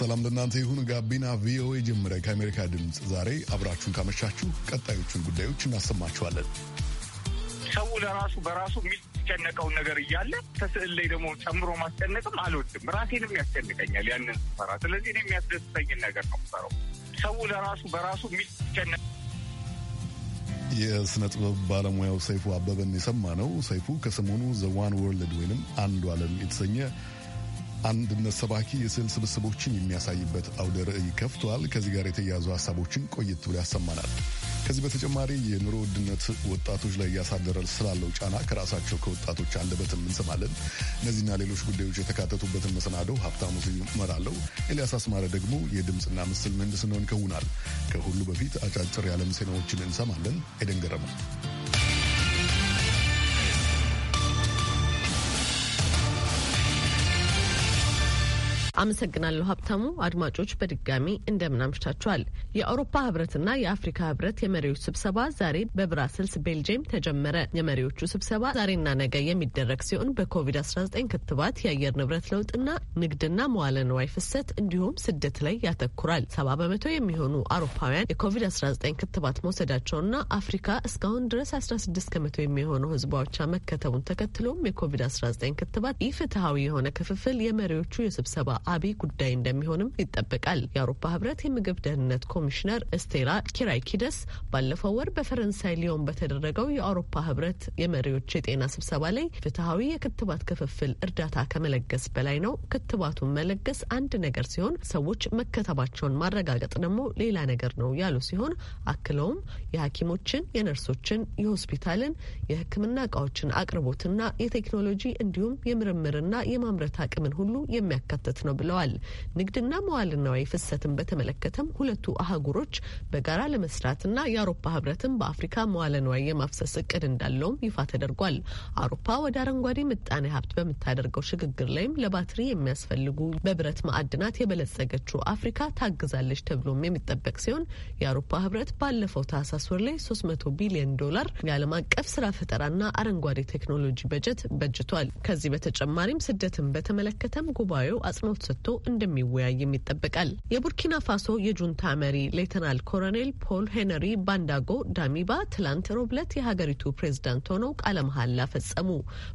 ሰላም ለእናንተ ይሁን። ጋቢና ቪኦኤ ጀምረ ከአሜሪካ ድምፅ። ዛሬ አብራችሁን ካመሻችሁ ቀጣዮቹን ጉዳዮች እናሰማችኋለን። ሰው ለራሱ በራሱ የሚጨነቀውን ነገር እያለ ከስዕል ላይ ደግሞ ጨምሮ ማስጨነቅም አልወድም። ራሴንም ያስጨንቀኛል ያንን ስራ። ስለዚህ እኔ የሚያስደስተኝን ነገር ነው ሰራው። ሰው ለራሱ በራሱ የሚጨነቅ የስነ ጥበብ ባለሙያው ሰይፉ አበበን የሰማ ነው። ሰይፉ ከሰሞኑ ዘዋን ወርልድ ወይንም አንዱ ዓለም የተሰኘ አንድነት ሰባኪ የስዕል ስብስቦችን የሚያሳይበት አውደ ርዕይ ከፍቷል። ከዚህ ጋር የተያያዙ ሀሳቦችን ቆየት ብሎ ያሰማናል። ከዚህ በተጨማሪ የኑሮ ውድነት ወጣቶች ላይ እያሳደረ ስላለው ጫና ከራሳቸው ከወጣቶች አንደበትም እንሰማለን። እነዚህና ሌሎች ጉዳዮች የተካተቱበትን መሰናዶ ሀብታሙ ስዩም እመራለሁ። ኤልያስ አስማረ ደግሞ የድምፅና ምስል ምህንድስናውን ይከውናል። ከሁሉ በፊት አጫጭር የዓለም ዜናዎችን እንሰማለን። ኤደን አመሰግናለሁ ሀብታሙ። አድማጮች በድጋሚ እንደምን አምሽታችኋል። የአውሮፓ ህብረትና የአፍሪካ ህብረት የመሪዎች ስብሰባ ዛሬ በብራሰልስ ቤልጅየም ተጀመረ። የመሪዎቹ ስብሰባ ዛሬና ነገ የሚደረግ ሲሆን በኮቪድ-19 ክትባት፣ የአየር ንብረት ለውጥና ንግድና መዋለ ንዋይ ፍሰት እንዲሁም ስደት ላይ ያተኩራል። ሰባ በመቶ የሚሆኑ አውሮፓውያን የኮቪድ-19 ክትባት መውሰዳቸውና አፍሪካ እስካሁን ድረስ 16 ከመቶ የሚሆኑ ህዝባዎቿ መከተቡን ተከትሎም የኮቪድ-19 ክትባት ኢፍትሐዊ የሆነ ክፍፍል የመሪዎቹ የስብሰባ አቤ ጉዳይ እንደሚሆንም ይጠበቃል። የአውሮፓ ህብረት የምግብ ደህንነት ኮሚሽነር እስቴላ ኪራይኪደስ ባለፈው ወር በፈረንሳይ ሊዮን በተደረገው የአውሮፓ ህብረት የመሪዎች የጤና ስብሰባ ላይ ፍትሐዊ የክትባት ክፍፍል እርዳታ ከመለገስ በላይ ነው። ክትባቱን መለገስ አንድ ነገር ሲሆን ሰዎች መከተባቸውን ማረጋገጥ ደግሞ ሌላ ነገር ነው ያሉ ሲሆን አክለውም የሐኪሞችን፣ የነርሶችን፣ የሆስፒታልን፣ የህክምና እቃዎችን አቅርቦትና የቴክኖሎጂ እንዲሁም የምርምርና የማምረት አቅምን ሁሉ የሚያካትት ነው ብለዋል። ንግድና መዋለ ንዋይ ፍሰትን በተመለከተም ሁለቱ አህጉሮች በጋራ ለመስራትና የአውሮፓ ህብረትን በአፍሪካ መዋለ ንዋይ የማፍሰስ እቅድ እንዳለውም ይፋ ተደርጓል። አውሮፓ ወደ አረንጓዴ ምጣኔ ሀብት በምታደርገው ሽግግር ላይም ለባትሪ የሚያስፈልጉ በብረት ማዕድናት የበለጸገችው አፍሪካ ታግዛለች ተብሎም የሚጠበቅ ሲሆን የአውሮፓ ህብረት ባለፈው ታህሳስ ወር ላይ 300 ቢሊዮን ዶላር የዓለም አቀፍ ስራ ፈጠራና አረንጓዴ ቴክኖሎጂ በጀት በጅቷል። ከዚህ በተጨማሪም ስደትን በተመለከተም ጉባኤው አጽንኦት ሰጥቶ እንደሚወያይም ይጠበቃል። የቡርኪና ፋሶ የጁንታ መሪ ሌተናል ኮሎኔል ፖል ሄነሪ ባንዳጎ ዳሚባ ትላንት ሮብለት የሀገሪቱ ፕሬዝዳንት ሆነው ቃለ መሐላ ፈጸሙ።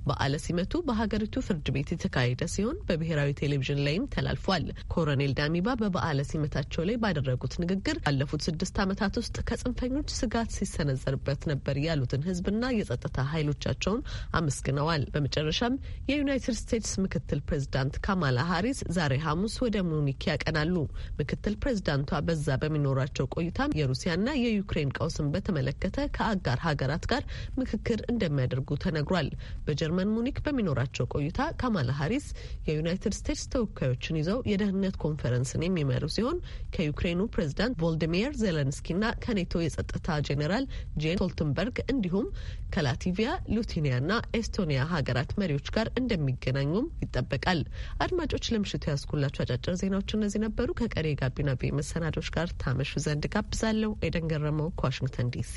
በዓለ ሲመቱ በሀገሪቱ ፍርድ ቤት የተካሄደ ሲሆን በብሔራዊ ቴሌቪዥን ላይም ተላልፏል። ኮሎኔል ዳሚባ በበዓለ ሲመታቸው ላይ ባደረጉት ንግግር ባለፉት ስድስት ዓመታት ውስጥ ከጽንፈኞች ስጋት ሲሰነዘርበት ነበር ያሉትን ህዝብና የጸጥታ ኃይሎቻቸውን አመስግነዋል። በመጨረሻም የዩናይትድ ስቴትስ ምክትል ፕሬዝዳንት ካማላ ሀሪስ ዛሬ ሐሙስ ወደ ሙኒክ ያቀናሉ። ምክትል ፕሬዚዳንቷ በዛ በሚኖራቸው ቆይታ የሩሲያና የዩክሬን ቀውስን በተመለከተ ከአጋር ሀገራት ጋር ምክክር እንደሚያደርጉ ተነግሯል። በጀርመን ሙኒክ በሚኖራቸው ቆይታ ካማላ ሀሪስ የዩናይትድ ስቴትስ ተወካዮችን ይዘው የደህንነት ኮንፈረንስን የሚመሩ ሲሆን ከዩክሬኑ ፕሬዚዳንት ቮልዲሚር ዜሌንስኪና ከኔቶ የጸጥታ ጄኔራል ጄን ስቶልተንበርግ እንዲሁም ከላቲቪያ፣ ሊቱዌኒያና ኤስቶኒያ ሀገራት መሪዎች ጋር እንደሚገናኙም ይጠበቃል። አድማጮች ለምሽቱ ለምሽቱ ያስኩላችሁ አጫጭር ዜናዎች እነዚህ ነበሩ። ከቀሪ የጋቢና ቤ መሰናዶች ጋር ታመሹ ዘንድ ጋብዛለሁ። ኤደን ገረመው ከዋሽንግተን ዲሲ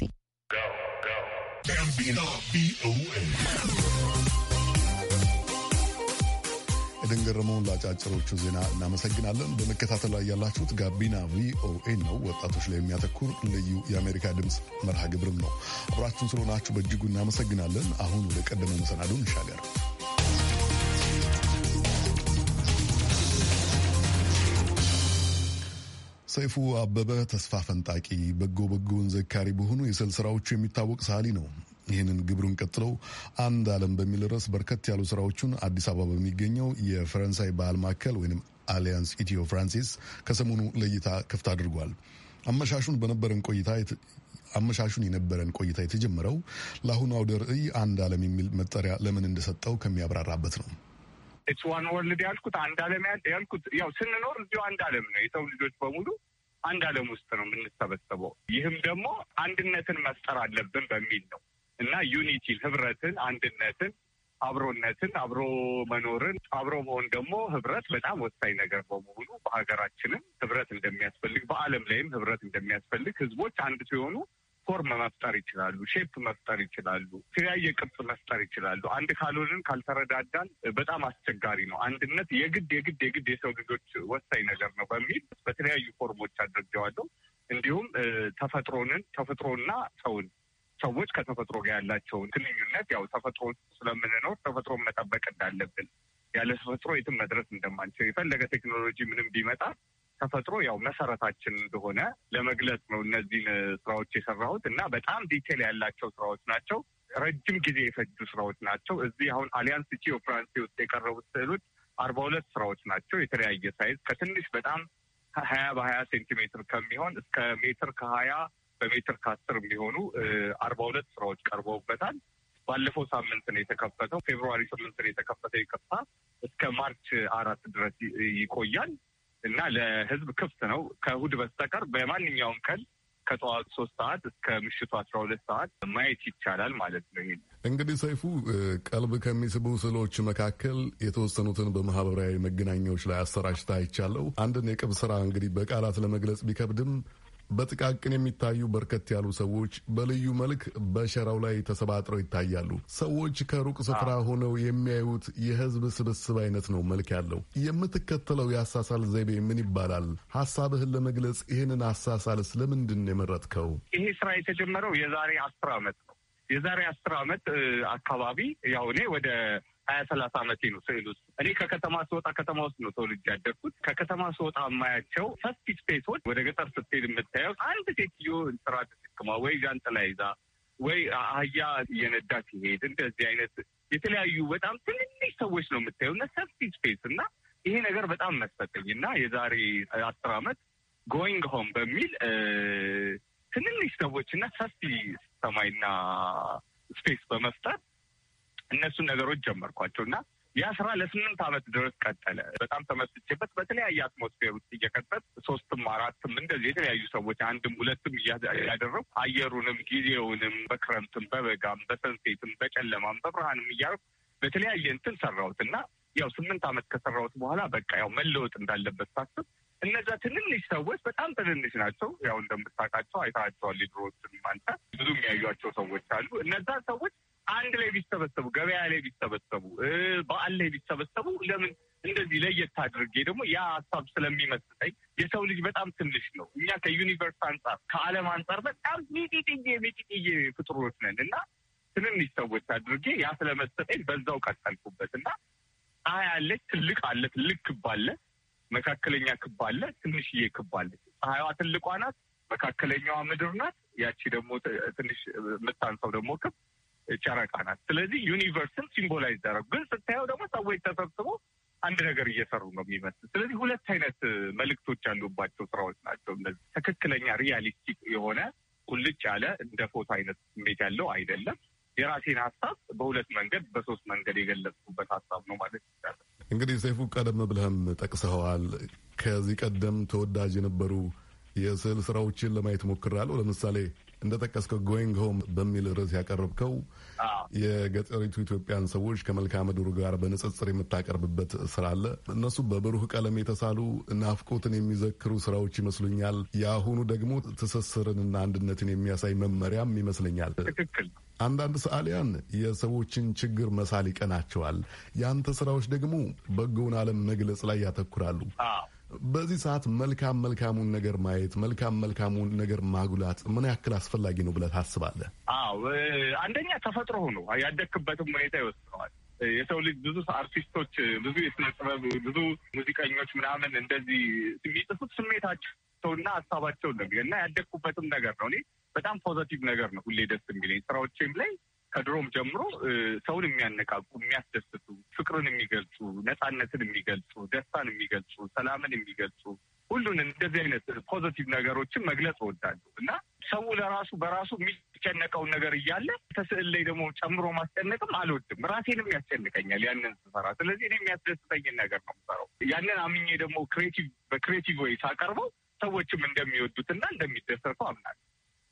ኤደን ገረመውን ለአጫጭሮቹ ዜና እናመሰግናለን። በመከታተል ላይ ያላችሁት ጋቢና ቪኦኤ ነው። ወጣቶች ላይ የሚያተኩር ልዩ የአሜሪካ ድምፅ መርሃ ግብርም ነው። አብራችሁን ስለሆናችሁ በእጅጉ እናመሰግናለን። አሁን ወደ ቀደመ መሰናዶ እንሻገር። ሰይፉ አበበ ተስፋ ፈንጣቂ በጎ በጎውን ዘካሪ በሆኑ የስዕል ስራዎቹ የሚታወቅ ሰዓሊ ነው። ይህንን ግብሩን ቀጥለው አንድ ዓለም በሚል ርዕስ በርከት ያሉ ስራዎቹን አዲስ አበባ በሚገኘው የፈረንሳይ ባህል ማዕከል ወይም አሊያንስ ኢትዮ ፍራንሲስ ከሰሞኑ ለእይታ ክፍት አድርጓል። አመሻሹን በነበረን ቆይታ አመሻሹን የነበረን ቆይታ የተጀመረው ለአሁኑ አውደ ርዕይ አንድ ዓለም የሚል መጠሪያ ለምን እንደሰጠው ከሚያብራራበት ነው። ኢትስ ዋን ወርልድ ያልኩት አንድ ዓለም ያልኩት ያው ስንኖር እዚሁ አንድ ዓለም ነው። የሰው ልጆች በሙሉ አንድ ዓለም ውስጥ ነው የምንሰበሰበው። ይህም ደግሞ አንድነትን መፍጠር አለብን በሚል ነው እና ዩኒቲ ህብረትን፣ አንድነትን፣ አብሮነትን፣ አብሮ መኖርን፣ አብሮ መሆን ደግሞ ህብረት በጣም ወሳኝ ነገር በመሆኑ በሀገራችንም ህብረት እንደሚያስፈልግ፣ በዓለም ላይም ህብረት እንደሚያስፈልግ ህዝቦች አንድ ሲሆኑ ፎርም መፍጠር ይችላሉ፣ ሼፕ መፍጠር ይችላሉ፣ የተለያየ ቅርጽ መፍጠር ይችላሉ። አንድ ካልሆንን ካልተረዳዳን በጣም አስቸጋሪ ነው። አንድነት የግድ የግድ የግድ የሰው ልጆች ወሳኝ ነገር ነው በሚል በተለያዩ ፎርሞች አድርጌዋለሁ። እንዲሁም ተፈጥሮንን ተፈጥሮና ሰውን ሰዎች ከተፈጥሮ ጋር ያላቸውን ግንኙነት ያው ተፈጥሮ ስለምንኖር ተፈጥሮን መጠበቅ እንዳለብን ያለ ተፈጥሮ የትም መድረስ እንደማንችል የፈለገ ቴክኖሎጂ ምንም ቢመጣ ተፈጥሮ ያው መሰረታችን እንደሆነ ለመግለጽ ነው እነዚህን ስራዎች የሰራሁት እና በጣም ዲቴል ያላቸው ስራዎች ናቸው። ረጅም ጊዜ የፈጁ ስራዎች ናቸው። እዚህ አሁን አሊያንስ ቺ ፍራንሴ ውስጥ የቀረቡት ስዕሎች አርባ ሁለት ስራዎች ናቸው። የተለያየ ሳይዝ ከትንሽ በጣም ሀያ በሀያ ሴንቲሜትር ከሚሆን እስከ ሜትር ከሀያ በሜትር ከአስር የሚሆኑ አርባ ሁለት ስራዎች ቀርበውበታል። ባለፈው ሳምንት ነው የተከፈተው። ፌብሩዋሪ ስምንት ነው የተከፈተው። ይቅርታ እስከ ማርች አራት ድረስ ይቆያል። እና ለህዝብ ክፍት ነው ከእሁድ በስተቀር በማንኛውም ቀን ከጠዋት ሶስት ሰዓት እስከ ምሽቱ አስራ ሁለት ሰዓት ማየት ይቻላል ማለት ነው። ይሄ እንግዲህ ሰይፉ ቀልብ ከሚስቡ ስዕሎች መካከል የተወሰኑትን በማህበራዊ መገናኛዎች ላይ አሰራጭታ አይቻለሁ። አንድን የቅብ ስራ እንግዲህ በቃላት ለመግለጽ ቢከብድም በጥቃቅን የሚታዩ በርከት ያሉ ሰዎች በልዩ መልክ በሸራው ላይ ተሰባጥረው ይታያሉ። ሰዎች ከሩቅ ስፍራ ሆነው የሚያዩት የህዝብ ስብስብ አይነት ነው መልክ ያለው። የምትከተለው የአሳሳል ዘይቤ ምን ይባላል? ሀሳብህን ለመግለጽ ይህንን አሳሳል ስለምንድን ነው የመረጥከው? ይሄ ስራ የተጀመረው የዛሬ አስር አመት ነው። የዛሬ አስር አመት አካባቢ ያው እኔ ወደ ሀያ ሰላሳ ዓመቴ ነው ስዕል ውስጥ። እኔ ከከተማ ስወጣ ከተማ ውስጥ ነው ተወልጄ ያደግኩት። ከከተማ ስወጣ የማያቸው ሰፊ ስፔሶች ወደ ገጠር ስትሄድ የምታየው አንድ ሴትዮ እንስራ ተሸክማ ወይ ዣንጥላ ይዛ ወይ አህያ እየነዳ ሲሄድ እንደዚህ አይነት የተለያዩ በጣም ትንንሽ ሰዎች ነው የምታየው እና ሰፊ ስፔስ እና ይሄ ነገር በጣም መሰጠኝ እና የዛሬ አስር ዓመት ጎይንግ ሆም በሚል ትንንሽ ሰዎች እና ሰፊ ሰማይና ስፔስ በመፍጠር እነሱን ነገሮች ጀመርኳቸው እና ያ ስራ ለስምንት ዓመት ድረስ ቀጠለ። በጣም ተመስቼበት በተለያየ አትሞስፌር ውስጥ እየቀጠት ሶስትም አራትም እንደዚህ የተለያዩ ሰዎች አንድም ሁለትም እያደረጉ አየሩንም ጊዜውንም በክረምትም በበጋም በሰንሴትም በጨለማም በብርሃንም እያረ በተለያየ እንትን ሰራሁት እና ያው ስምንት ዓመት ከሰራሁት በኋላ በቃ ያው መለወጥ እንዳለበት ሳስብ እነዛ ትንንሽ ሰዎች በጣም ትንንሽ ናቸው። ያው እንደምታውቃቸው አይታቸዋል። የድሮዎችን አንተ ብዙ የሚያዩቸው ሰዎች አሉ። እነዛ ሰዎች አንድ ላይ ቢሰበሰቡ፣ ገበያ ላይ ቢሰበሰቡ፣ በዓል ላይ ቢሰበሰቡ ለምን እንደዚህ ለየት አድርጌ ደግሞ ያ ሀሳብ ስለሚመስጠኝ የሰው ልጅ በጣም ትንሽ ነው። እኛ ከዩኒቨርስ አንጻር ከዓለም አንጻር በጣም ሚጢጥዬ ሚጢጥዬ ፍጥሮች ነን እና ትንንሽ ሰዎች አድርጌ ያ ስለመሰጠኝ በዛው ቀጠልኩበት እና ፀሐይ አለች፣ ትልቅ አለ፣ ትልቅ ክብ አለ፣ መካከለኛ ክብ አለ፣ ትንሽዬ ክብ አለ። ፀሐይዋ ትልቋ ናት፣ መካከለኛዋ ምድር ናት። ያቺ ደግሞ ትንሽ የምታንሰው ደግሞ ክብ ጨረቃ ናት። ስለዚህ ዩኒቨርስን ሲምቦላይዝ ያደረጉ ግን ስታየው ደግሞ ሰዎች ተሰብስበው አንድ ነገር እየሰሩ ነው የሚመስል። ስለዚህ ሁለት አይነት መልእክቶች ያሉባቸው ስራዎች ናቸው እነዚህ። ትክክለኛ ሪያሊስቲክ የሆነ ቁልጭ ያለ እንደ ፎቶ አይነት ስሜት ያለው አይደለም። የራሴን ሀሳብ በሁለት መንገድ በሶስት መንገድ የገለጽኩበት ሀሳብ ነው ማለት ይቻላል። እንግዲህ ሰይፉ፣ ቀደም ብለህም ጠቅሰኸዋል። ከዚህ ቀደም ተወዳጅ የነበሩ የስዕል ስራዎችን ለማየት ሞክራለሁ። ለምሳሌ እንደጠቀስከው ጎይንግ ሆም በሚል ርዕስ ያቀረብከው የገጠሪቱ ኢትዮጵያን ሰዎች ከመልክዓ ምድሩ ጋር በንጽጽር የምታቀርብበት ስራ አለ። እነሱ በብሩህ ቀለም የተሳሉ ናፍቆትን የሚዘክሩ ስራዎች ይመስሉኛል። የአሁኑ ደግሞ ትስስርንና አንድነትን የሚያሳይ መመሪያም ይመስለኛል። ትክክል። አንዳንድ ሰዓሊያን የሰዎችን ችግር መሳል ይቀናቸዋል። ያንተ ስራዎች ደግሞ በጎውን ዓለም መግለጽ ላይ ያተኩራሉ። በዚህ ሰዓት መልካም መልካሙን ነገር ማየት መልካም መልካሙን ነገር ማጉላት ምን ያክል አስፈላጊ ነው ብለህ ታስባለህ? አዎ አንደኛ ተፈጥሮ ሆኖ ያደግክበትም ሁኔታ ይወስነዋል። የሰው ልጅ ብዙ አርቲስቶች፣ ብዙ የስነ ጥበብ፣ ብዙ ሙዚቀኞች ምናምን እንደዚህ የሚጽፉት ስሜታቸውና ሀሳባቸው እና ያደግኩበትም ነገር ነው። እኔ በጣም ፖዘቲቭ ነገር ነው ሁሌ ደስ የሚለኝ ስራዎቼም ላይ ከድሮም ጀምሮ ሰውን የሚያነቃቁ የሚያስደስቱ፣ ፍቅርን የሚገልጹ፣ ነፃነትን የሚገልጹ፣ ደስታን የሚገልጹ፣ ሰላምን የሚገልጹ ሁሉን እንደዚህ አይነት ፖዘቲቭ ነገሮችን መግለጽ እወዳለሁ እና ሰው ለራሱ በራሱ የሚጨነቀውን ነገር እያለ ተስዕል ላይ ደግሞ ጨምሮ ማስጨነቅም አልወድም። ራሴንም ያስጨንቀኛል ያንን ስሰራ። ስለዚህ እኔ የሚያስደስተኝን ነገር ነው የምሰራው። ያንን አምኜ ደግሞ ክሬቲቭ በክሬቲቭ ወይ ሳቀርበው ሰዎችም እንደሚወዱትና እንደሚደሰቱ አምናለሁ።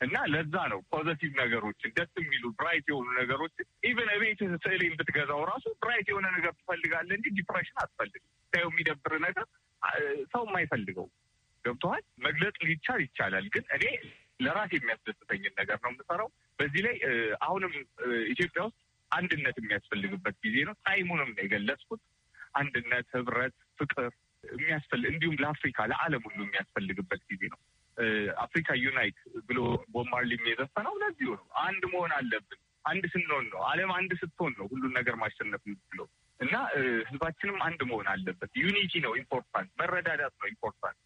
እና ለዛ ነው ፖዘቲቭ ነገሮችን ደስ የሚሉ ብራይት የሆኑ ነገሮችን ኢቨን ቤት ስዕሌ ብትገዛው ራሱ ብራይት የሆነ ነገር ትፈልጋለህ እንጂ ዲፕሬሽን አትፈልግም። ታየው የሚደብር ነገር ሰው የማይፈልገው ገብተዋል። መግለጽ ሊቻል ይቻላል፣ ግን እኔ ለራሴ የሚያስደስተኝን ነገር ነው የምሰራው። በዚህ ላይ አሁንም ኢትዮጵያ ውስጥ አንድነት የሚያስፈልግበት ጊዜ ነው። ታይሙንም ነው የገለጽኩት። አንድነት፣ ህብረት፣ ፍቅር የሚያስፈልግ እንዲሁም ለአፍሪካ ለዓለም ሁሉ የሚያስፈልግበት ጊዜ ነው። አፍሪካ ዩናይት ብሎ ቦብ ማርሊም የዘፈነው ለዚሁ ነው። አንድ መሆን አለብን። አንድ ስንሆን ነው ዓለም አንድ ስትሆን ነው ሁሉን ነገር ማሸነፍ ብሎ እና ህዝባችንም አንድ መሆን አለበት። ዩኒቲ ነው ኢምፖርታንት፣ መረዳዳት ነው ኢምፖርታንት።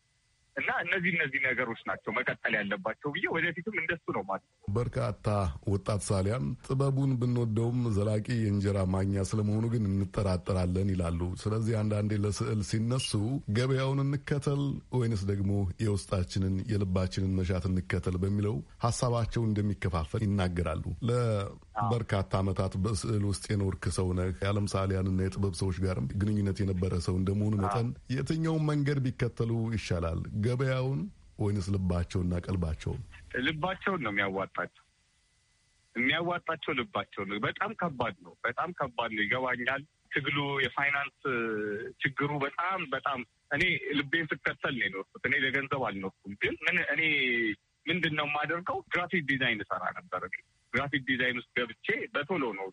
እና እነዚህ እነዚህ ነገሮች ናቸው መቀጠል ያለባቸው ብዬ ወደፊትም እንደሱ ነው ማለት ነው። በርካታ ወጣት ሳሊያን ጥበቡን ብንወደውም ዘላቂ የእንጀራ ማግኛ ስለመሆኑ ግን እንጠራጠራለን ይላሉ። ስለዚህ አንዳንዴ ለስዕል ሲነሱ ገበያውን እንከተል ወይንስ ደግሞ የውስጣችንን የልባችንን መሻት እንከተል በሚለው ሀሳባቸው እንደሚከፋፈል ይናገራሉ። በርካታ ዓመታት በስዕል ውስጥ የኖርክ ሰው ነህ። የዓለም ሰዓሊያንና የጥበብ ሰዎች ጋርም ግንኙነት የነበረ ሰው እንደመሆኑ መጠን የትኛውን መንገድ ቢከተሉ ይሻላል? ገበያውን ወይንስ ልባቸውና ቀልባቸውን? ልባቸውን ነው የሚያዋጣቸው። የሚያዋጣቸው ልባቸው ነው። በጣም ከባድ ነው። በጣም ከባድ ነው። ይገባኛል። ትግሉ የፋይናንስ ችግሩ በጣም በጣም እኔ ልቤን ስከተል ነው የኖርኩት። እኔ ለገንዘብ አልኖርኩም። ግን ምን እኔ ምንድን ነው የማደርገው? ግራፊክ ዲዛይን እሰራ ነበር ግራፊክ ዲዛይን ውስጥ ገብቼ በቶሎ ነው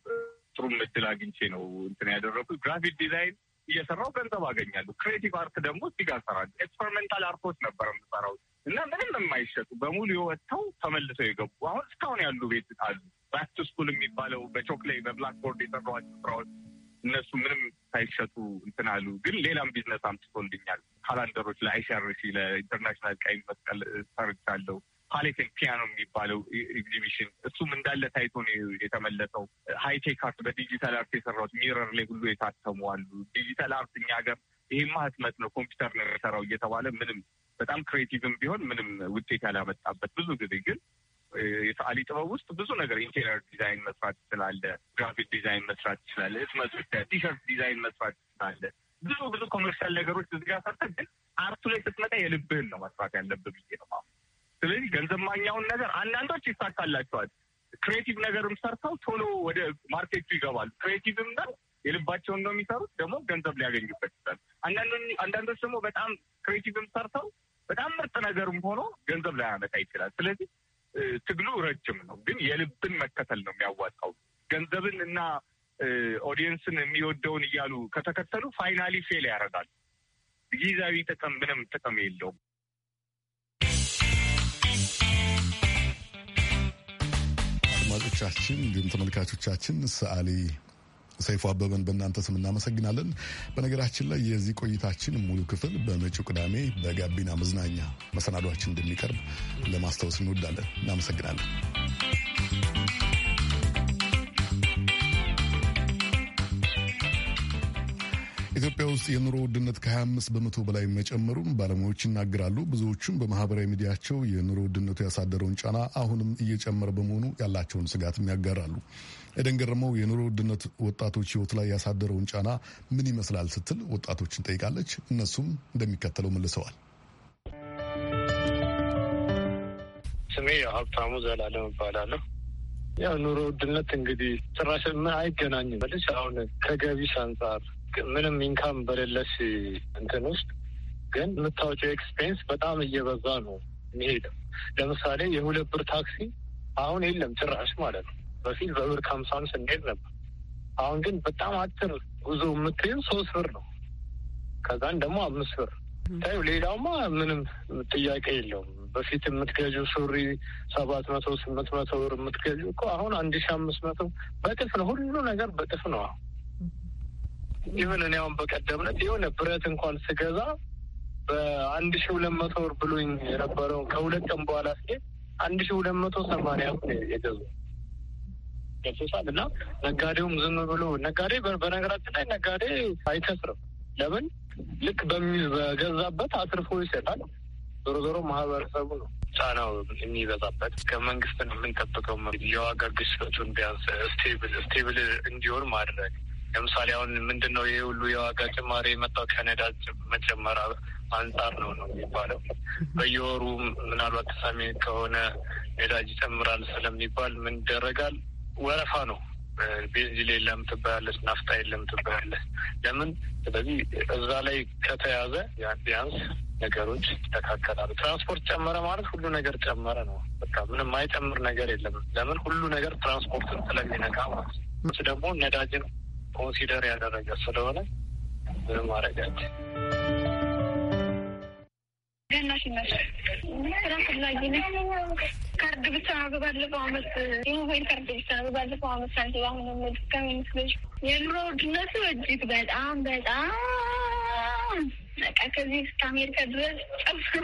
ጥሩ ምድል አግኝቼ ነው እንትን ያደረኩት። ግራፊክ ዲዛይን እየሰራው ገንዘብ አገኛለሁ። ክሬቲቭ አርት ደግሞ እዚህ ጋር ኤክስፐሪሜንታል አርቶች ነበር የምሰራው እና ምንም የማይሸጡ በሙሉ የወጥተው ተመልሰው የገቡ አሁን እስካሁን ያሉ ቤት አሉ። ባክ ቱ ስኩል የሚባለው በቾክ ላይ በብላክቦርድ የሰራኋቸው ስራዎች እነሱ ምንም ሳይሸጡ እንትን አሉ። ግን ሌላም ቢዝነስ አምጥቶልኛል። ካላንደሮች ለአይሲአርሲ ለኢንተርናሽናል ቀይ መስቀል ሰርቻለሁ። ፓሌትን ፒያኖ የሚባለው ኤግዚቢሽን እሱም እንዳለ ታይቶ ነው የተመለሰው። ሀይቴክ አርት በዲጂታል አርት የሰራት ሚረር ላይ ሁሉ የታተሙ አሉ። ዲጂታል አርት እኛ ሀገር ይሄማ ህትመት ነው ኮምፒውተር ነው የሰራው እየተባለ ምንም በጣም ክሬቲቭም ቢሆን ምንም ውጤት ያላመጣበት ብዙ ጊዜ ግን የሰዓሊ ጥበብ ውስጥ ብዙ ነገር ኢንቴሪየር ዲዛይን መስራት ትችላለ፣ ግራፊክ ዲዛይን መስራት ትችላለ፣ ህትመት ቲሸርት ዲዛይን መስራት ትችላለ። ብዙ ብዙ ኮመርሻል ነገሮች እዚጋ ሰርተ ግን አርቱ ላይ ስትመጣ የልብህን ነው መስራት ያለብህ ብዬ ነው ስለዚህ ገንዘብ ማኛውን ነገር አንዳንዶች ይሳካላቸዋል። ክሬቲቭ ነገርም ሰርተው ቶሎ ወደ ማርኬቱ ይገባሉ። ክሬቲቭም ነው የልባቸውን ነው የሚሰሩት፣ ደግሞ ገንዘብ ሊያገኙበት ይችላል። አንዳንዶች ደግሞ በጣም ክሬቲቭም ሰርተው በጣም ምርጥ ነገርም ሆኖ ገንዘብ ላያመጣ ይችላል። ስለዚህ ትግሉ ረጅም ነው፣ ግን የልብን መከተል ነው የሚያዋጣው። ገንዘብን እና ኦዲየንስን የሚወደውን እያሉ ከተከተሉ ፋይናሊ ፌል ያደርጋል። ጊዜያዊ ጥቅም ምንም ጥቅም የለውም። አድማጮቻችን እንዲሁም ተመልካቾቻችን ሰዓሊ ሰይፉ አበበን በእናንተ ስም እናመሰግናለን። በነገራችን ላይ የዚህ ቆይታችን ሙሉ ክፍል በመጪው ቅዳሜ በጋቢና መዝናኛ መሰናዷችን እንደሚቀርብ ለማስታወስ እንወዳለን። እናመሰግናለን። ኢትዮጵያ ውስጥ የኑሮ ውድነት ከ25 በመቶ በላይ መጨመሩን ባለሙያዎች ይናገራሉ። ብዙዎቹም በማህበራዊ ሚዲያቸው የኑሮ ውድነቱ ያሳደረውን ጫና አሁንም እየጨመረ በመሆኑ ያላቸውን ስጋትም ያጋራሉ። ኤደን ገረመው የኑሮ ውድነት ወጣቶች ህይወት ላይ ያሳደረውን ጫና ምን ይመስላል ስትል ወጣቶችን ጠይቃለች። እነሱም እንደሚከተለው መልሰዋል። ስሜ ሀብታሙ ዘላለም እባላለሁ። ያው ኑሮ ውድነት እንግዲህ ጭራሽ ምን አይገናኝም። አሁን ከገቢስ አንጻር ምንም ኢንካም በሌለሽ እንትን ውስጥ ግን የምታወጪው ኤክስፔንስ በጣም እየበዛ ነው የሚሄደው። ለምሳሌ የሁለት ብር ታክሲ አሁን የለም ጭራሽ ማለት ነው። በፊት በብር ከሀምሳም ስንሄድ ነበር። አሁን ግን በጣም አጭር ጉዞ የምትይም ሶስት ብር ነው። ከዛን ደግሞ አምስት ብር ታዩ። ሌላውማ ምንም ጥያቄ የለውም። በፊት የምትገዡ ሱሪ ሰባት መቶ ስምንት መቶ ብር የምትገዡ እኮ አሁን አንድ ሺ አምስት መቶ በጥፍ ነው። ሁሉ ነገር በጥፍ ነው አሁን ኢቨን እኔ አሁን በቀደምነት የሆነ ብረት እንኳን ስገዛ በአንድ ሺ ሁለት መቶ ወር ብሎኝ የነበረውን ከሁለት ቀን በኋላ ስ አንድ ሺ ሁለት መቶ ሰማንያ የገዙ ገሶሳል እና ነጋዴውም ዝም ብሎ ነጋዴ በነገራችን ላይ ነጋዴ አይከስርም። ለምን ልክ በገዛበት አትርፎ ይሰጣል። ዞሮ ዞሮ ማህበረሰቡ ነው ጫናው የሚበዛበት። ከመንግስት ነው የምንጠብቀው የዋጋ ግሽበቱን ቢያንስ ስቴብል ስቴብል እንዲሆን ማድረግ ለምሳሌ አሁን ምንድን ነው ይህ ሁሉ የዋጋ ጭማሪ የመጣው ከነዳጅ መጨመር አንጻር ነው ነው የሚባለው። በየወሩ ምናልባት ተሳሚ ከሆነ ነዳጅ ይጨምራል ስለሚባል ምን ይደረጋል? ወረፋ ነው። ቤንዚል የለም ትባያለች፣ ናፍጣ የለም ትባያለች። ለምን? ስለዚህ እዛ ላይ ከተያዘ ቢያንስ ነገሮች ይተካከላሉ። ትራንስፖርት ጨመረ ማለት ሁሉ ነገር ጨመረ ነው። በቃ ምንም ማይጨምር ነገር የለም። ለምን? ሁሉ ነገር ትራንስፖርትን ስለሚነካ ማለት ደግሞ ነዳጅን ኮንሲደር ያደረገ ስለሆነ ምንም ማድረጋቸው ገናሽ ይመስላል ካርድ ብቻ ባለፈው አመት የሞባይል ካርድ ብቻ ባለፈው አመት ሳንቲ በአሁኑ መድካም ይመስለች የኑሮ ውድነቱ እጅግ በጣም በጣም በቃ ከዚህ እስከ አሜሪካ ድረስ ጨምሮ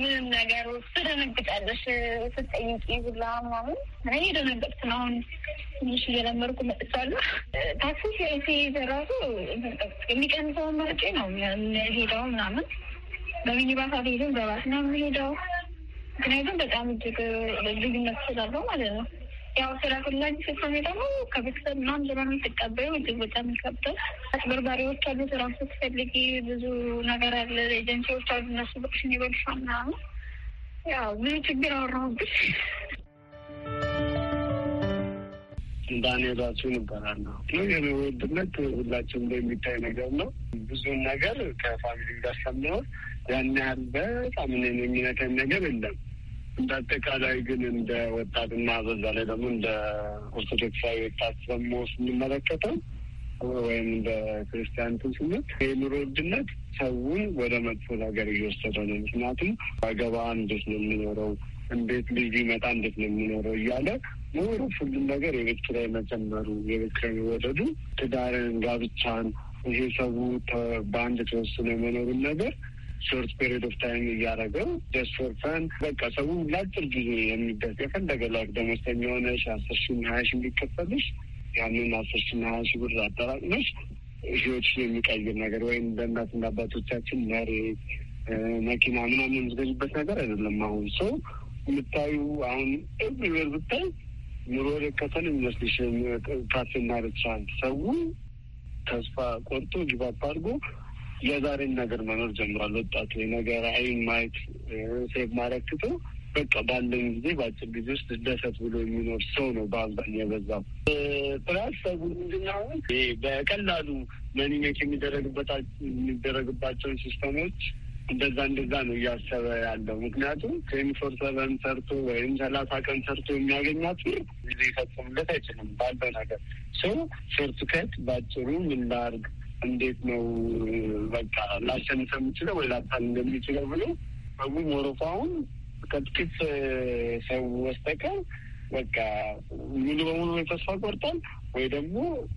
ምንም ነገሩ ትደነግጫለሽ። ስትጠይቂ ሁላ ምናምን እኔ የደነገጥኩ ነው አሁን ትንሽ እየለመድኩ መጥቻለሁ። ታክሲ ሲይዝ ራሱ የሚቀንሰውን መርጬ ነው ሄዳው ምናምን በሚኒባስ አልሄድም፣ በባስ ነው የምሄደው። ምክንያቱም በጣም እጅግ ልዩነት ስላለው ማለት ነው። ያው ስራ ፍላጊ ስትሆን ደግሞ ከቤተሰብ ምናምን ዘመን የምትቀበዩ እጅግ በጣም ይከብዳል። አስበርባሪዎች አሉ። ስራ ስትፈልጊ ብዙ ነገር አለ። ኤጀንሲዎች አሉ። እነሱ ብቅሽን ይበልሻ ምናምን። ያው ብዙ ችግር አወራሁብሽ። እንዳኔ ራሱ ይባላለሁ። የኑሮ ውድነት ሁላችን ላይ የሚታይ ነገር ነው። ብዙን ነገር ከፋሚሊ ጋር ሰምነውን ያን ያህል በጣም እኔን የሚነካኝ ነገር የለም። እንደ አጠቃላይ ግን እንደ ወጣትና በዛ ላይ ደግሞ እንደ ኦርቶዶክሳዊ ወጣት ደግሞ ስንመለከተው ወይም እንደ ክርስቲያንትን ስነት የኑሮ ውድነት ሰውን ወደ መጥፎ ነገር እየወሰደ ነው። ምክንያቱም አገባ እንዴት ነው የሚኖረው፣ እንዴት ልጅ ይመጣ እንዴት ነው የሚኖረው እያለ ሞር ሁሉም ነገር የቤት ኪራይ መጨመሩ፣ የቤት ኪራይ መወደዱ ትዳርን፣ ጋብቻን ይሄ ሰው በአንድ ተወስኖ የመኖሩን ነገር ሾርት ፔሪድ ኦፍ ታይም እያደረገው ጀስት ፎር ፈን በቃ ሰው ለአጭር ጊዜ የሚደስ የፈለገ ላክ ደመወዝተኛ የሆነሽ አስር ሺ ሀያ ሺ የሚከፈልሽ ያንን አስር ሺ ሀያ ሺ ብር አጠራቅመሽ ህይወት የሚቀይር ነገር ወይም በእናት እና አባቶቻችን መሬት፣ መኪና ምናምን የምትገዙበት ነገር አይደለም። አሁን ሰው የምታዩ አሁን ኤቭሪዌር ብታይ ኑሮ የከተል የሚመስልሽ ፓርቲና ርቻን ሰው ተስፋ ቆርጦ ጊባፕ አድርጎ የዛሬን ነገር መኖር ጀምሯል። ወጣቱ የነገር አይን ማየት ሴቭ ማረክቶ በቃ ባለን ጊዜ በአጭር ጊዜ ውስጥ ደሰት ብሎ የሚኖር ሰው ነው በአብዛኛው የበዛው። ፕላስ ሰው ምንድን በቀላሉ መኒ የሚደረግበት የሚደረግባቸውን ሲስተሞች እንደዛ እንደዛ ነው እያሰበ ያለው። ምክንያቱም ከኢንፎር ሰቨን ሰርቶ ወይም ሰላሳ ቀን ሰርቶ የሚያገኛት ጊዜ ይፈጽምለት አይችልም ባለው ነገር ሰው ሾርትከት በአጭሩ ምን ላድርግ እንዴት ነው በቃ ላሸንፈ የምችለው ወይ ላታል እንደሚችለው ብሎ በቡ ሞሮፋውን ከጥቂት ሰው በስተቀር በቃ ሙሉ በሙሉ ወይ ተስፋ ቆርጠን ወይ ደግሞ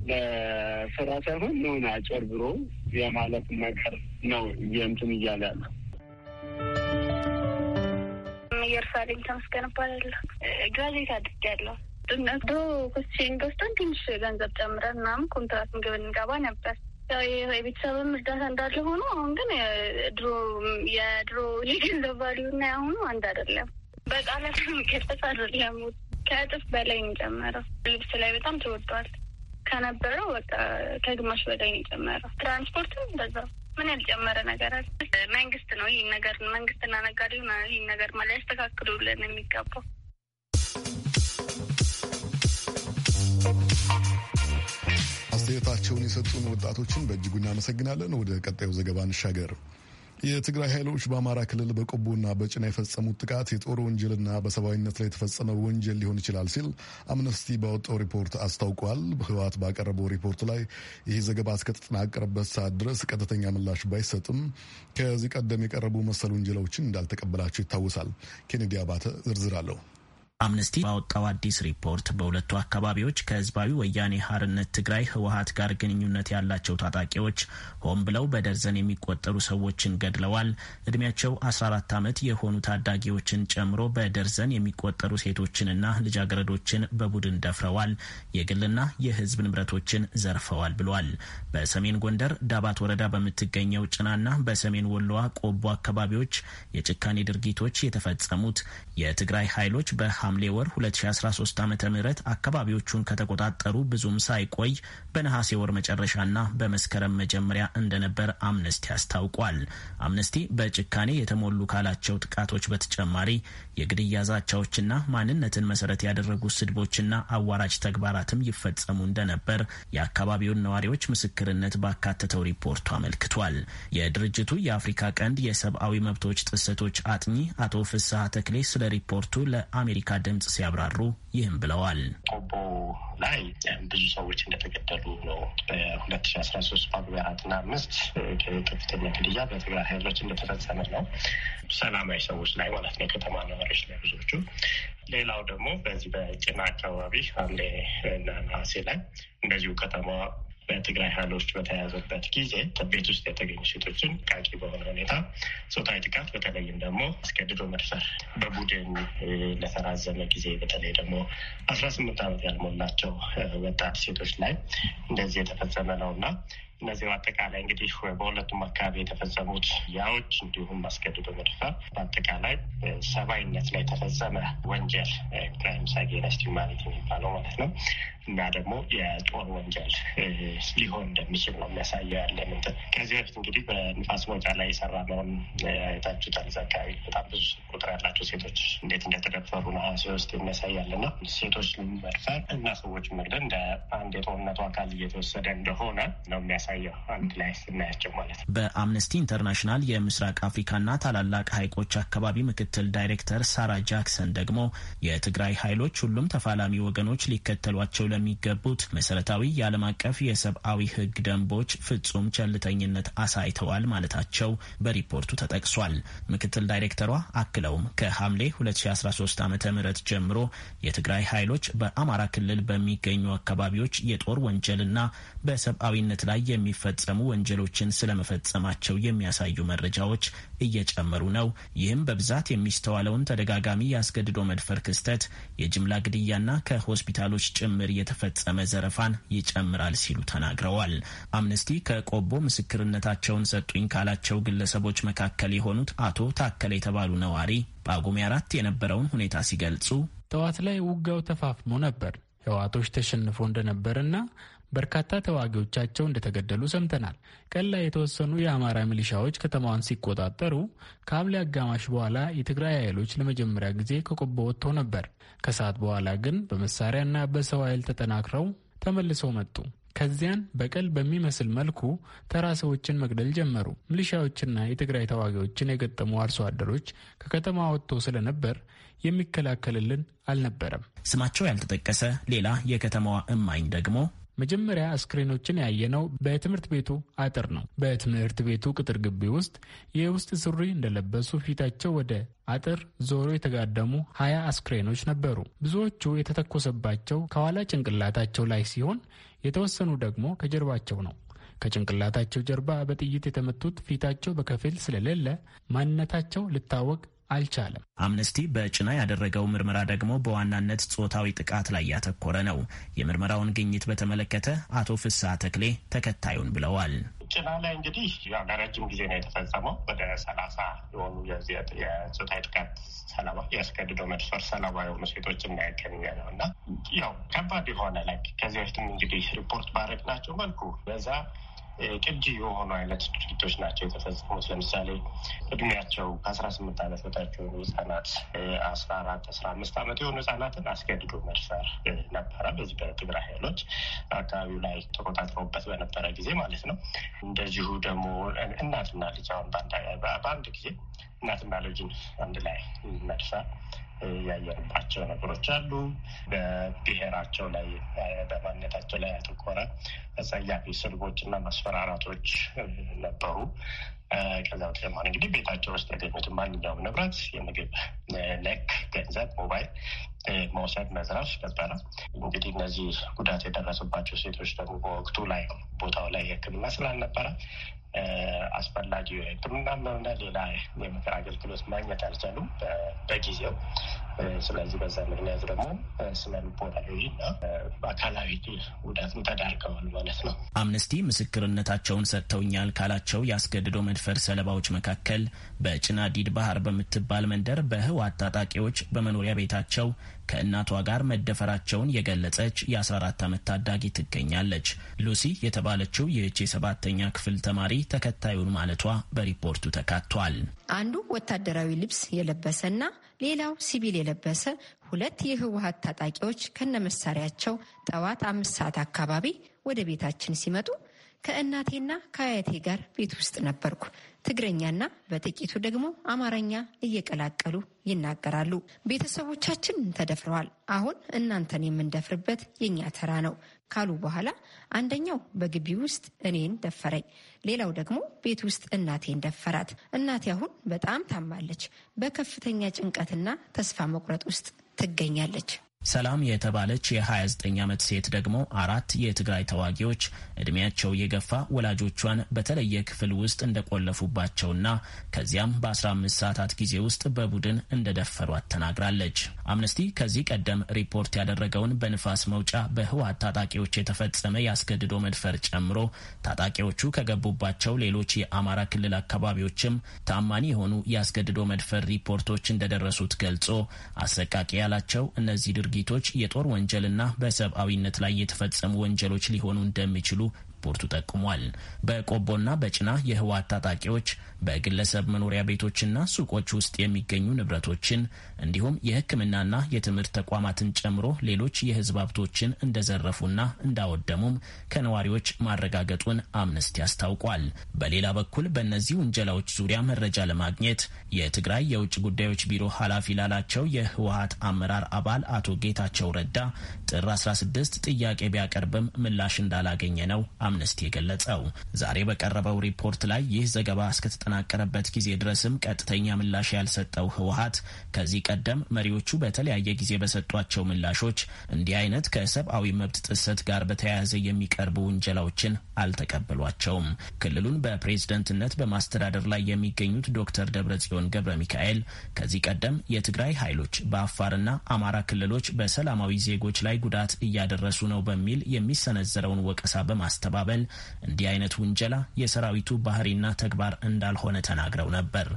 ለስራ ሳይሆን የሆነ ብሮ የማለት ነገር ነው የእንትን እያለ ያለው። ኢየሩሳሌም ተመስገን እባላለሁ። ግራጅዌት አድርጌያለሁ። ጥምነቶ ኮስቼን ገዝተን ትንሽ ገንዘብ ጨምረን ምናምን ኮንትራት ምግብ እንገባ ነበር። የቤተሰብም እርዳታ እንዳለ ሆኖ አሁን ግን ድሮ የድሮ የገንዘብ ባሉና አሁኑ አንድ አይደለም። በቃላት የሚገለጽ አይደለም። ከእጥፍ በላይ ነው የጨመረው። ልብስ ላይ በጣም ተወዷል። ከነበረው በቃ ከግማሽ በላይ ነው የጨመረው። ትራንስፖርትም በዛ ምን ያልጨመረ ነገር አለ? መንግስት ነው ይህን ነገር መንግስትና ነጋዴው ይህን ነገር ማለት ያስተካክሉልን የሚገባው አስተያየታቸውን የሰጡን ወጣቶችን በእጅጉ እናመሰግናለን። ወደ ቀጣዩ ዘገባ እንሻገር። የትግራይ ኃይሎች በአማራ ክልል በቆቦና በጭና የፈጸሙት ጥቃት የጦር ወንጀልና በሰብአዊነት ላይ የተፈጸመ ወንጀል ሊሆን ይችላል ሲል አምነስቲ ባወጣው ሪፖርት አስታውቋል። ህወሓት ባቀረበው ሪፖርት ላይ ይህ ዘገባ እስከተጠናቀረበት ሰዓት ድረስ ቀጥተኛ ምላሽ ባይሰጥም ከዚህ ቀደም የቀረቡ መሰል ውንጀላዎችን እንዳልተቀበላቸው ይታወሳል። ኬኔዲ አባተ ዝርዝር አለው። አምነስቲ ባወጣው አዲስ ሪፖርት በሁለቱ አካባቢዎች ከህዝባዊ ወያኔ ሀርነት ትግራይ ህወሀት ጋር ግንኙነት ያላቸው ታጣቂዎች ሆን ብለው በደርዘን የሚቆጠሩ ሰዎችን ገድለዋል፣ እድሜያቸው 14 ዓመት የሆኑ ታዳጊዎችን ጨምሮ በደርዘን የሚቆጠሩ ሴቶችንና ልጃገረዶችን በቡድን ደፍረዋል፣ የግልና የህዝብ ንብረቶችን ዘርፈዋል ብሏል። በሰሜን ጎንደር ዳባት ወረዳ በምትገኘው ጭናና በሰሜን ወሎዋ ቆቦ አካባቢዎች የጭካኔ ድርጊቶች የተፈጸሙት የትግራይ ኃይሎች በ ሐምሌ ወር 2013 ዓ ም አካባቢዎቹን ከተቆጣጠሩ ብዙም ሳይቆይ በነሐሴ ወር መጨረሻና በመስከረም መጀመሪያ እንደነበር አምነስቲ አስታውቋል። አምነስቲ በጭካኔ የተሞሉ ካላቸው ጥቃቶች በተጨማሪ የግድያ ዛቻዎችና ማንነትን መሰረት ያደረጉ ስድቦችና አዋራጅ ተግባራትም ይፈጸሙ እንደነበር የአካባቢውን ነዋሪዎች ምስክርነት ባካተተው ሪፖርቱ አመልክቷል። የድርጅቱ የአፍሪካ ቀንድ የሰብአዊ መብቶች ጥሰቶች አጥኚ አቶ ፍስሐ ተክሌ ስለ ሪፖርቱ ለአሜሪካ ድምፅ ሲያብራሩ ይህም ብለዋል። ቆቦ ላይ ብዙ ሰዎች እንደተገደሉ ነው። በ2013 ጳጉሜ አራትና አምስት ከፍተኛ ግድያ በትግራይ ኃይሎች እንደተፈጸመ ነው። ሰላማዊ ሰዎች ላይ ማለት ነው፣ የከተማ ነዋሪዎች ላይ ብዙዎቹ። ሌላው ደግሞ በዚህ በጭና አካባቢ ሐምሌ እና ነሐሴ ላይ እንደዚሁ ከተማ በትግራይ ኃይሎች በተያያዘበት ጊዜ ቤት ውስጥ የተገኙ ሴቶችን ቃቂ በሆነ ሁኔታ ጾታዊ ጥቃት በተለይም ደግሞ አስገድዶ መድፈር በቡድን ለተራዘመ ጊዜ በተለይ ደግሞ አስራ ስምንት ዓመት ያልሞላቸው ወጣት ሴቶች ላይ እንደዚህ የተፈጸመ ነው እና እነዚህ በአጠቃላይ እንግዲህ በሁለቱም አካባቢ የተፈጸሙት ያዎች እንዲሁም አስገድዶ መድፈር በአጠቃላይ ሰብአዊነት ላይ የተፈጸመ ወንጀል ክራይምስ አጌንስት ዩማኒቲ የሚባለው ማለት ነው እና ደግሞ የጦር ወንጀል ሊሆን እንደሚችል ነው የሚያሳየው ያለን ምንትን ከዚህ በፊት እንግዲህ በንፋስ መውጫ ላይ የሰራ የሰራነውን የታችሁታል። እዛ አካባቢ በጣም ብዙ ቁጥር ያላቸው ሴቶች እንዴት እንደተደፈሩ ነሐሴ ውስጥ የሚያሳያል እና ሴቶች መድፈር እና ሰዎች መግደል እንደ አንድ የጦርነቱ አካል እየተወሰደ እንደሆነ ነው የሚያ የሚያሳየው አንድ ላይ ስናያቸው ማለት ነው። በአምነስቲ ኢንተርናሽናል የምስራቅ አፍሪካና ታላላቅ ሀይቆች አካባቢ ምክትል ዳይሬክተር ሳራ ጃክሰን ደግሞ የትግራይ ኃይሎች ሁሉም ተፋላሚ ወገኖች ሊከተሏቸው ለሚገቡት መሰረታዊ የዓለም አቀፍ የሰብአዊ ህግ ደንቦች ፍጹም ቸልተኝነት አሳይተዋል ማለታቸው በሪፖርቱ ተጠቅሷል። ምክትል ዳይሬክተሯ አክለውም ከሐምሌ 2013 ዓ ም ጀምሮ የትግራይ ኃይሎች በአማራ ክልል በሚገኙ አካባቢዎች የጦር ወንጀልና በሰብአዊነት ላይ የሚፈጸሙ ወንጀሎችን ስለመፈጸማቸው የሚያሳዩ መረጃዎች እየጨመሩ ነው። ይህም በብዛት የሚስተዋለውን ተደጋጋሚ የአስገድዶ መድፈር ክስተት፣ የጅምላ ግድያና ከሆስፒታሎች ጭምር የተፈጸመ ዘረፋን ይጨምራል ሲሉ ተናግረዋል። አምነስቲ ከቆቦ ምስክርነታቸውን ሰጡኝ ካላቸው ግለሰቦች መካከል የሆኑት አቶ ታከለ የተባሉ ነዋሪ ጳጉሜ አራት የነበረውን ሁኔታ ሲገልጹ ጠዋት ላይ ውጋው ተፋፍሞ ነበር። ህዋቶች ተሸንፎ እንደነበርና በርካታ ተዋጊዎቻቸው እንደተገደሉ ሰምተናል። ቀን ላይ የተወሰኑ የአማራ ሚሊሻዎች ከተማዋን ሲቆጣጠሩ ከሐምሌ አጋማሽ በኋላ የትግራይ ኃይሎች ለመጀመሪያ ጊዜ ከቆቦ ወጥተው ነበር። ከሰዓት በኋላ ግን በመሳሪያና በሰው ኃይል ተጠናክረው ተመልሰው መጡ። ከዚያን በቀል በሚመስል መልኩ ተራ ሰዎችን መግደል ጀመሩ። ሚሊሻዎችና የትግራይ ተዋጊዎችን የገጠሙ አርሶ አደሮች ከከተማ ወጥቶ ስለነበር የሚከላከልልን አልነበረም። ስማቸው ያልተጠቀሰ ሌላ የከተማዋ እማኝ ደግሞ መጀመሪያ አስክሬኖችን ያየነው በትምህርት ቤቱ አጥር ነው። በትምህርት ቤቱ ቅጥር ግቢ ውስጥ የውስጥ ሱሪ እንደለበሱ ፊታቸው ወደ አጥር ዞሮ የተጋደሙ ሀያ አስክሬኖች ነበሩ። ብዙዎቹ የተተኮሰባቸው ከኋላ ጭንቅላታቸው ላይ ሲሆን፣ የተወሰኑ ደግሞ ከጀርባቸው ነው። ከጭንቅላታቸው ጀርባ በጥይት የተመቱት ፊታቸው በከፊል ስለሌለ ማንነታቸው ልታወቅ አልቻለም። አምነስቲ በጭና ያደረገው ምርመራ ደግሞ በዋናነት ጾታዊ ጥቃት ላይ ያተኮረ ነው። የምርመራውን ግኝት በተመለከተ አቶ ፍስሐ ተክሌ ተከታዩን ብለዋል። ጭና ላይ እንግዲህ ለረጅም ጊዜ ነው የተፈጸመው። ወደ ሰላሳ የሆኑ የጾታዊ ጥቃት ሰለባ ያስገድዶ መድፈር ሰለባ የሆኑ ሴቶች እናያገኘ ነው እና ያው ከባድ የሆነ ላይ ከዚህ በፊትም እንግዲህ ሪፖርት ባረግ ናቸው መልኩ በዛ ቅጂ የሆኑ አይነት ድርጊቶች ናቸው የተፈጸሙት። ለምሳሌ እድሜያቸው ከአስራ ስምንት ዓመት በታች የሆኑ ህጻናት አስራ አራት አስራ አምስት ዓመት የሆኑ ህጻናትን አስገድዶ መድፈር ነበረ። በዚህ በትግራይ ኃይሎች አካባቢው ላይ ተቆጣጥረውበት በነበረ ጊዜ ማለት ነው። እንደዚሁ ደግሞ እናትና ልጅ አሁን በአንድ ጊዜ እናትና ልጅን አንድ ላይ መድፈር ያየንባቸው ነገሮች አሉ። በብሔራቸው ላይ በማንነታቸው ላይ ያተኮረ አጸያፊ ስድቦች እና ማስፈራራቶች ነበሩ። ከዛ በተጨማሪ እንግዲህ ቤታቸው ውስጥ ያገኙት ማንኛውም ንብረት የምግብ ነክ፣ ገንዘብ፣ ሞባይል መውሰድ፣ መዝረፍ ነበረ። እንግዲህ እነዚህ ጉዳት የደረሰባቸው ሴቶች ደግሞ በወቅቱ ላይ ቦታው ላይ ሕክምና ስላልነበረ አስፈላጊ ሕክምናም ሆነ ሌላ የምክር አገልግሎት ማግኘት አልቻሉም በጊዜው። ስለዚህ በዛ ምክንያት ደግሞ ስነ ልቦናዊ እና አካላዊ ጉዳትም ተዳርገዋል ማለት ነው። አምነስቲ ምስክርነታቸውን ሰጥተውኛል ካላቸው ያስገድዶ መድፈር ሰለባዎች መካከል በጭናዲድ ባህር በምትባል መንደር በህወሓት ታጣቂዎች በመኖሪያ ቤታቸው ከእናቷ ጋር መደፈራቸውን የገለጸች የ14 ዓመት ታዳጊ ትገኛለች። ሉሲ የተባለችው ይህች የሰባተኛ ክፍል ተማሪ ተከታዩን ማለቷ በሪፖርቱ ተካቷል። አንዱ ወታደራዊ ልብስ የለበሰና ሌላው ሲቪል የለበሰ ሁለት የህወሀት ታጣቂዎች ከነመሳሪያቸው ጠዋት አምስት ሰዓት አካባቢ ወደ ቤታችን ሲመጡ ከእናቴና ከአያቴ ጋር ቤት ውስጥ ነበርኩ። ትግረኛና በጥቂቱ ደግሞ አማርኛ እየቀላቀሉ ይናገራሉ። ቤተሰቦቻችን ተደፍረዋል። አሁን እናንተን የምንደፍርበት የእኛ ተራ ነው። ካሉ በኋላ አንደኛው በግቢ ውስጥ እኔን ደፈረኝ፣ ሌላው ደግሞ ቤት ውስጥ እናቴን ደፈራት። እናቴ አሁን በጣም ታማለች። በከፍተኛ ጭንቀትና ተስፋ መቁረጥ ውስጥ ትገኛለች። ሰላም የተባለች የ29 ዓመት ሴት ደግሞ አራት የትግራይ ተዋጊዎች ዕድሜያቸው የገፋ ወላጆቿን በተለየ ክፍል ውስጥ እንደቆለፉባቸውና ከዚያም በ15 ሰዓታት ጊዜ ውስጥ በቡድን እንደደፈሯት ተናግራለች። አምነስቲ ከዚህ ቀደም ሪፖርት ያደረገውን በንፋስ መውጫ በህወሓት ታጣቂዎች የተፈጸመ ያስገድዶ መድፈር ጨምሮ ታጣቂዎቹ ከገቡባቸው ሌሎች የአማራ ክልል አካባቢዎችም ታማኒ የሆኑ ያስገድዶ መድፈር ሪፖርቶች እንደደረሱት ገልጾ አሰቃቂ ያላቸው እነዚህ ድርጊ ድርጊቶች የጦር ወንጀልና በሰብአዊነት ላይ የተፈጸሙ ወንጀሎች ሊሆኑ እንደሚችሉ ሪፖርቱ ጠቁሟል። በቆቦና በጭና የህወሓት ታጣቂዎች በግለሰብ መኖሪያ ቤቶችና ሱቆች ውስጥ የሚገኙ ንብረቶችን እንዲሁም የሕክምናና የትምህርት ተቋማትን ጨምሮ ሌሎች የህዝብ ሀብቶችን እንደዘረፉና እንዳወደሙም ከነዋሪዎች ማረጋገጡን አምነስቲ አስታውቋል። በሌላ በኩል በእነዚህ ውንጀላዎች ዙሪያ መረጃ ለማግኘት የትግራይ የውጭ ጉዳዮች ቢሮ ኃላፊ ላላቸው የህወሀት አመራር አባል አቶ ጌታቸው ረዳ ጥር 16 ጥያቄ ቢያቀርብም ምላሽ እንዳላገኘ ነው አምነስቲ የገለጸው። ዛሬ በቀረበው ሪፖርት ላይ ይህ ዘገባ እስከተጠናቀረበት ጊዜ ድረስም ቀጥተኛ ምላሽ ያልሰጠው ህወሀት ከዚህ ቀደም መሪዎቹ በተለያየ ጊዜ በሰጧቸው ምላሾች እንዲህ አይነት ከሰብአዊ መብት ጥሰት ጋር በተያያዘ የሚቀርቡ ውንጀላዎችን አልተቀበሏቸውም። ክልሉን በፕሬዝደንትነት በማስተዳደር ላይ የሚገኙት ዶክተር ደብረጽዮን ገብረ ሚካኤል ከዚህ ቀደም የትግራይ ኃይሎች በአፋርና አማራ ክልሎች በሰላማዊ ዜጎች ላይ ጉዳት እያደረሱ ነው በሚል የሚሰነዘረውን ወቀሳ በማስተባ በማስተባበል እንዲህ አይነት ውንጀላ የሰራዊቱ ባህሪና ተግባር እንዳልሆነ ተናግረው ነበር።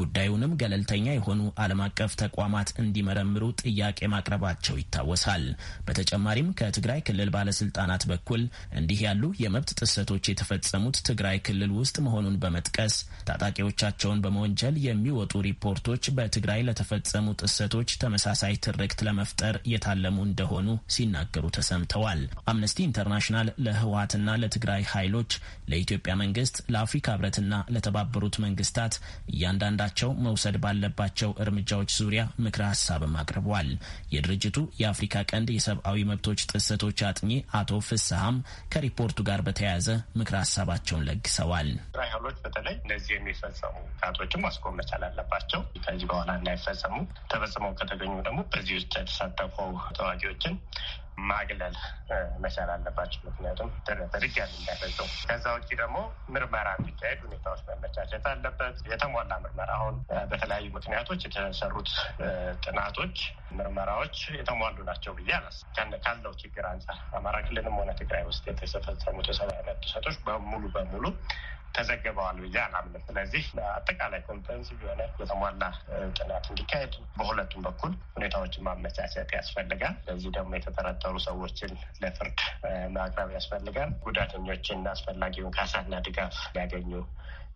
ጉዳዩንም ገለልተኛ የሆኑ ዓለም አቀፍ ተቋማት እንዲመረምሩ ጥያቄ ማቅረባቸው ይታወሳል። በተጨማሪም ከትግራይ ክልል ባለስልጣናት በኩል እንዲህ ያሉ የመብት ጥሰቶች የተፈጸሙት ትግራይ ክልል ውስጥ መሆኑን በመጥቀስ ታጣቂዎቻቸውን በመወንጀል የሚወጡ ሪፖርቶች በትግራይ ለተፈጸሙ ጥሰቶች ተመሳሳይ ትርክት ለመፍጠር የታለሙ እንደሆኑ ሲናገሩ ተሰምተዋል። አምነስቲ ኢንተርናሽናል ለህወሀትና ለ ለትግራይ ኃይሎች ለኢትዮጵያ መንግስት፣ ለአፍሪካ ህብረትና ለተባበሩት መንግስታት እያንዳንዳቸው መውሰድ ባለባቸው እርምጃዎች ዙሪያ ምክረ ሀሳብም አቅርቧል። የድርጅቱ የአፍሪካ ቀንድ የሰብአዊ መብቶች ጥሰቶች አጥኚ አቶ ፍስሀም ከሪፖርቱ ጋር በተያያዘ ምክረ ሀሳባቸውን ለግሰዋል። ትግራይ ኃይሎች በተለይ እነዚህ የሚፈጸሙ ጥቃቶችን ማስቆም መቻል አለባቸው። ከዚህ በኋላ እንዳይፈጸሙ ተፈጽመው ከተገኙ ደግሞ በዚህ ውስጥ የተሳተፈው ተዋጊዎችን ማግለል መቻል አለባቸው። ምክንያቱም ድርግ ያለ የሚያደርገው ከዛ ውጭ ደግሞ ምርመራ እንዲካሄድ ሁኔታዎች መመቻቸት አለበት። የተሟላ ምርመራ አሁን በተለያዩ ምክንያቶች የተሰሩት ጥናቶች፣ ምርመራዎች የተሟሉ ናቸው ብዬ አላስ ካለው ችግር አንጻር አማራ ክልልም ሆነ ትግራይ ውስጥ የተፈጸሙት የሰብአዊ መብት ጥሰቶች በሙሉ በሙሉ ተዘግበዋል ብዬ አላምንም። ስለዚህ አጠቃላይ ኮምፕሬንሲቭ የሆነ የተሟላ ጥናት እንዲካሄድ በሁለቱም በኩል ሁኔታዎችን ማመቻቸት ያስፈልጋል። በዚህ ደግሞ የተጠረጠሩ ሰዎችን ለፍርድ ማቅረብ ያስፈልጋል። ጉዳተኞችን አስፈላጊውን ካሳና ድጋፍ ሊያገኙ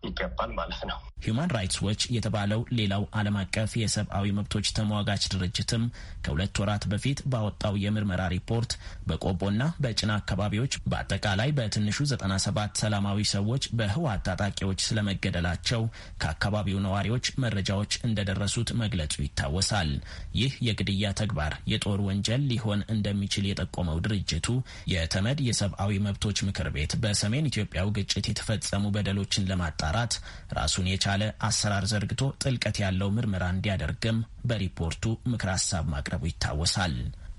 ይገባል ማለት ነው። ሂዩማን ራይትስ ዎች የተባለው ሌላው ዓለም አቀፍ የሰብአዊ መብቶች ተሟጋች ድርጅትም ከሁለት ወራት በፊት ባወጣው የምርመራ ሪፖርት በቆቦና በጭና አካባቢዎች በአጠቃላይ በትንሹ 97 ሰላማዊ ሰዎች በህወሓት ታጣቂዎች ስለመገደላቸው ከአካባቢው ነዋሪዎች መረጃዎች እንደደረሱት መግለጹ ይታወሳል። ይህ የግድያ ተግባር የጦር ወንጀል ሊሆን እንደሚችል የጠቆመው ድርጅቱ የተመድ የሰብአዊ መብቶች ምክር ቤት በሰሜን ኢትዮጵያው ግጭት የተፈጸሙ በደሎችን ለማጣ ማጣራት ራሱን የቻለ አሰራር ዘርግቶ ጥልቀት ያለው ምርመራ እንዲያደርግም በሪፖርቱ ምክር ሀሳብ ማቅረቡ ይታወሳል።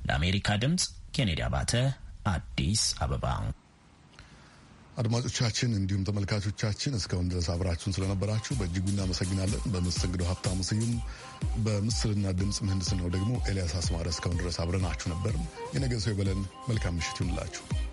ለአሜሪካ ድምጽ ኬኔዲ አባተ አዲስ አበባ። አድማጮቻችን እንዲሁም ተመልካቾቻችን እስካሁን ድረስ አብራችሁን ስለነበራችሁ በእጅጉ እናመሰግናለን። በመስተንግዶ ሀብታሙ ስዩም፣ በምስልና ድምፅ ምህንድስናው ደግሞ ኤልያስ አስማረ። እስካሁን ድረስ አብረናችሁ ነበር። የነገ ሰው ይበለን። መልካም ምሽት ይሁንላችሁ።